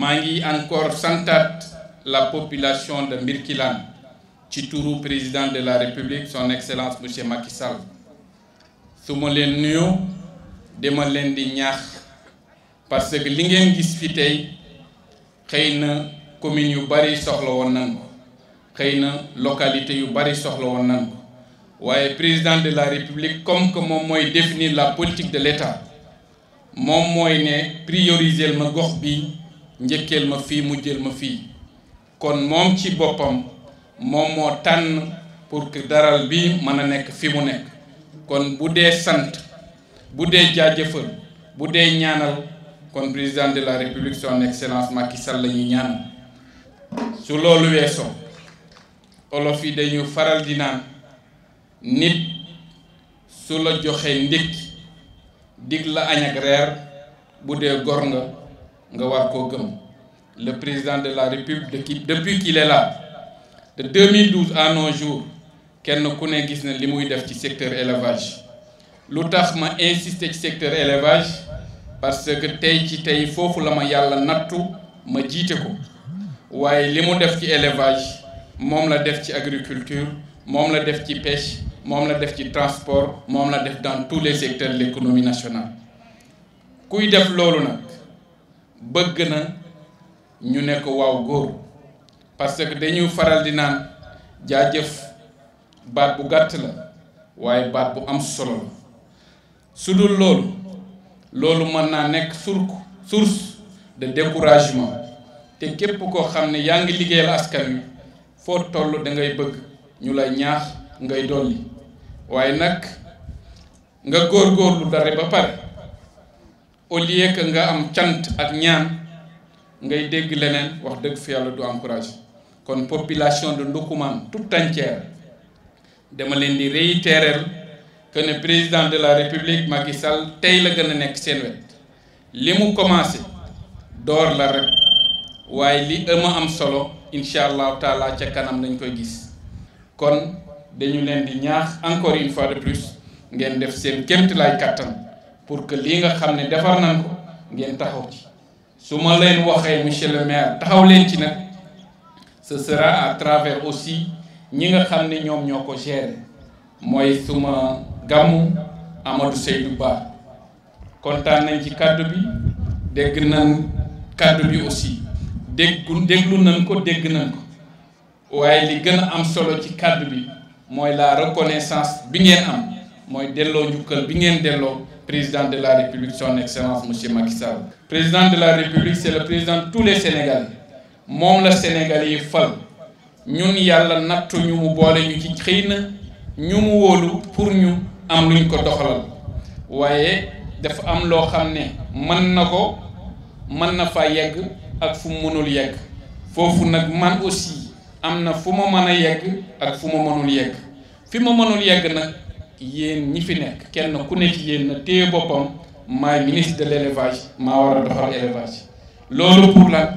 Mangi encore santaat la population de Mirkilan. ci président de la république son excellence monsieur Macky Sall su ma leen nuyu di ñaax parce que li ngeen gis fi tey xëy na communes yu bari soxla woon nan localité yu bari soxla woon nan ko président de la république comme que moom définir la politique de l'État... Mon moom prioriser ma gokh bi njëkkeel ma fii mujjeel ma fi kon moom ci boppam moom moo tànn pour que daral bi mën a nekk fi mu nekk kon bu dee sant bu dee jaajëfal bu dee ñaanal kon président de la république son excellence Macky Sall la ñu ñaan su loolu weesoo olof yi dañu faral di naan nit su la joxee ndékki dig la añ ak reer bu dee gor le président de la république depuis qu'il est là de 2012 à nos jours qu'elle nous ne gis pas secteur élevage lu m'a insisté sur le secteur élevage parce que tey ci tey foofu la que yàlla nattu ma jiite ko élevage moom la def agriculture la pêche moom la transport la dans tous les secteurs de l'économie nationale qui def bëgg na ñu ne ko waaw góor parce que dañuy faral di naan jaajëf baat bu gàtt la waaye baat bu am solo la su dul loolu loolu mën naa nekk surku source de découragement te képp ko xam ne yaa ngi liggéeyal askan wi foo toll dangay bëgg ñu la ñaax ngay dolli waaye nag nga lu dara ba pare au lieu que nga am tiant ak ñaan ngay dégg leneen wax dëgg fi yàlla du encouragé kon population de Ndoukoumane tout entière dama leen di réitéreel que ne président de la république Macky Sall tey la gën a nekk seen wet li mu commencé door la rek waaye li ëma am solo incha allahu taala ca kanam dañ koy gis kon dañu leen di ñaax encore une fois de plus ngeen def seen kémt lay kàttan pour que lii nga xam ne defar nañ ko ngeen taxaw ci su ma leen waxee monsieur le maire taxaw leen ci nag ce sera à travers aussi ñi nga xam ne ñoom ñoo ko gérer mooy suma gàmmu Amadou Seydou baax kontaan nañ ci kàddu bi dégg nañ kàddu bi aussi déggu déglu nañ ko dégg nañ ko waaye li gën a am solo ci kàddu bi mooy la reconnaissance bi ngeen am mooy delloo njukkal bi ngeen delloo président de la République, son Excellence Monsieur Macky Sall. président de la République c'est le président de tous les Sénégalais Mon le Sénégalais yi fal ñun yalla nattu ñu mu bolé ñu ci ñu mu wolu pour ñu am luñ ko doxalal dafa am na fa yegg ak fu mënul yegg man aussi am na fu yegg ak mënul yegg yéen ñi fi nekk kenn ku ne ci yéen na téye boppam maay ministre de l' élevage maa war a doxal élevage loolu pour la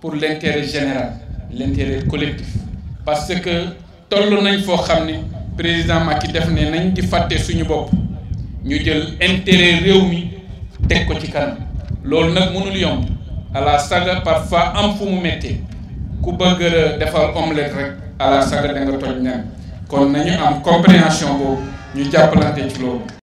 pour l' intérêt général l' intérêt collectif parce que toll nañ foo xam ne président Macky def ne nañ di fàtte suñu bopp ñu jël intérêt réew mi teg ko ci kanam loolu nag mënul yomb à la saga parfois am fu mu méttee ku bëgg defal omelette rek à la saga da nga toj ñaan kon nañu am compréhension boobu ñu jàppalante ci loolu